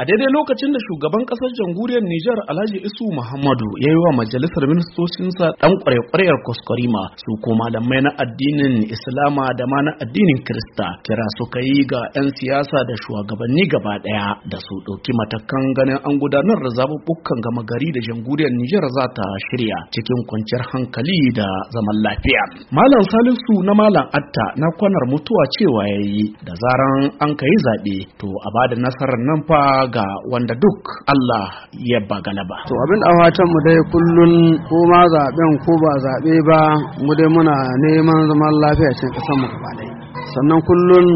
a daidai lokacin da shugaban kasar jamhuriyar Nijar Alhaji Isu Muhammadu ya yi wa majalisar ministocinsa dan kwarekwarewar kwaskwarima su koma da mai na addinin Islama da ma na addinin Kirista kira ka yi ga 'yan siyasa da shugabanni gaba daya da su ɗauki matakan ganin an gudanar da zaɓuɓɓukan gama gari da jamhuriyar Nijar za ta shirya cikin kwanciyar hankali da zaman lafiya. Malam Salisu na Malam Atta na kwanar mutuwa cewa ya yi da zaran an ka zaɓe to a ba da nasarar nan fa ga wanda duk Allah ya ba galaba. To abin da fatan mu dai kullun ko ma zaben ko ba zabe ba mu dai muna neman zaman lafiya cikin kasan mu dai sannan kullun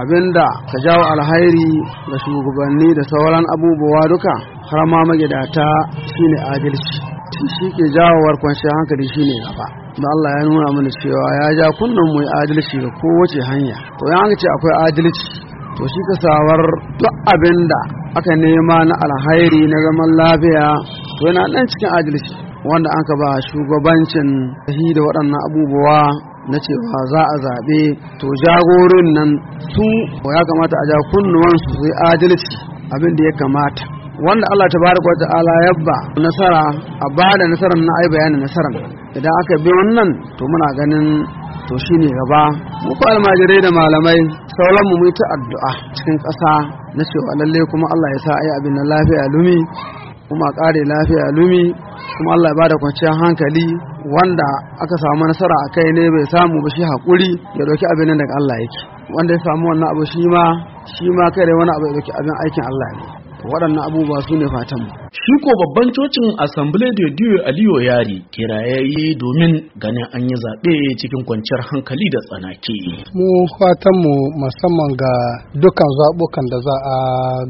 abinda ka jawo alhairi ga shugabanni da sauran abubuwa duka har ma magidata shine adalci shi ke jawo jawowar kwanciyar hankali shine gaba da Allah ya nuna mana cewa ya ja kunnan mu adalci da kowace hanya to ya ce akwai adalci to shi ka sawar duk abin da aka nema na alhairi na zaman lafiya to yana nan cikin adalci wanda an ka ba shugabancin shi da waɗannan abubuwa na cewa za a zaɓe to jagorin nan su ya kamata a ja kunnuwansu su yi adalci abin da ya kamata wanda Allah ta baraka ta'ala ala yabba nasara a ba da nasarar na ai bayanin nasarar idan aka bi wannan to muna ganin to shine gaba mu almajirai da malamai sauran mu ta addu'a cikin ƙasa na cewa lalle kuma Allah ya sa ayi abin nan lafiya lumi kuma ƙare lafiya lumi kuma Allah ya bada kwanciyar hankali wanda aka samu nasara a kai ne bai samu ba shi haƙuri ya ɗauki abin nan daga Allah yake wanda ya samu wannan abu shi ma shi ma kai wani abu ya ɗauki abin aikin Allah ne waɗannan abubuwa su ne fatan mu Shi ko babban cocin Assemblée de Dieu Aliyu Yari kirayaye domin ganin an yi zaɓe cikin kwanciyar hankali da tsanaki. Mu fatanmu musamman ga dukkan zaɓukan da za a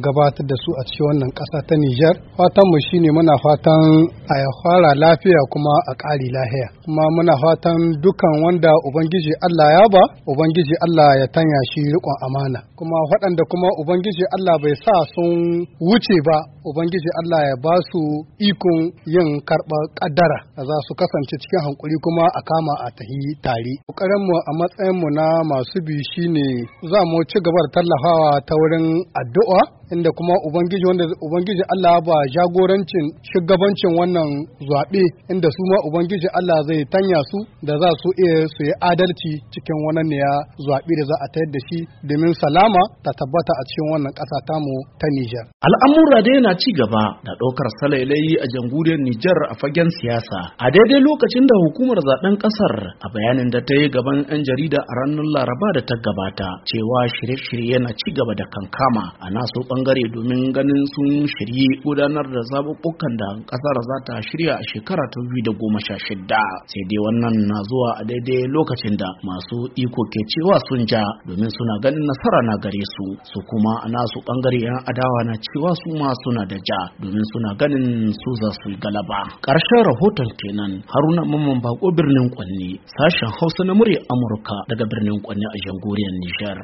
gabatar da su a cikin wannan ƙasa ta Nijar. Fatanmu shine muna fatan a ya fara lafiya kuma a ƙari lahiya. Kuma muna fatan dukkan wanda Ubangiji Allah ya ba, Ubangiji Allah ya tanya shi riƙon amana. Kuma waɗanda kuma Ubangiji Allah bai sa sun wuce ba, Ubangiji Allah ya ba su ikon yin karɓar ƙaddara za su kasance cikin hankuri kuma a kama a tahi tare. Ƙoƙarinmu a matsayinmu na masu bi ne za mu ci gabar tallafawa ta wurin addu'a inda kuma Ubangiji wanda Ubangiji Allah ba jagorancin shugabancin wannan zaɓe inda su ma Ubangiji Allah zai tanya su da za su iya su yi adalci cikin wannan ne ya zaɓe da za a tayar da shi domin salama ta tabbata a cikin wannan ƙasa tamu ta Nijar. Al'amura da yana cigaba. da ɗaukar salailai a jamhuriyar Nijar a fagen siyasa. A daidai lokacin da hukumar zaben ƙasar a bayanin da ta yi gaban 'yan jarida a ranar Laraba da ta gabata cewa shirye-shirye yana ci gaba da kankama a so ɓangare domin ganin sun shirye gudanar da zaɓuɓɓukan da ƙasar za ta shirya a shekara ta biyu da goma sha shida. Sai dai wannan na zuwa a daidai lokacin da masu iko ke cewa sun ja domin suna ganin nasara na gare su su kuma a nasu ɓangare 'yan adawa na cewa su ma suna da ja domin suna ganin su za su galaba ƙarshen rahoton kenan haruna mamman bako birnin kwanne sashen hausa na murya amurka daga birnin kwanne a jamhuriyar nijar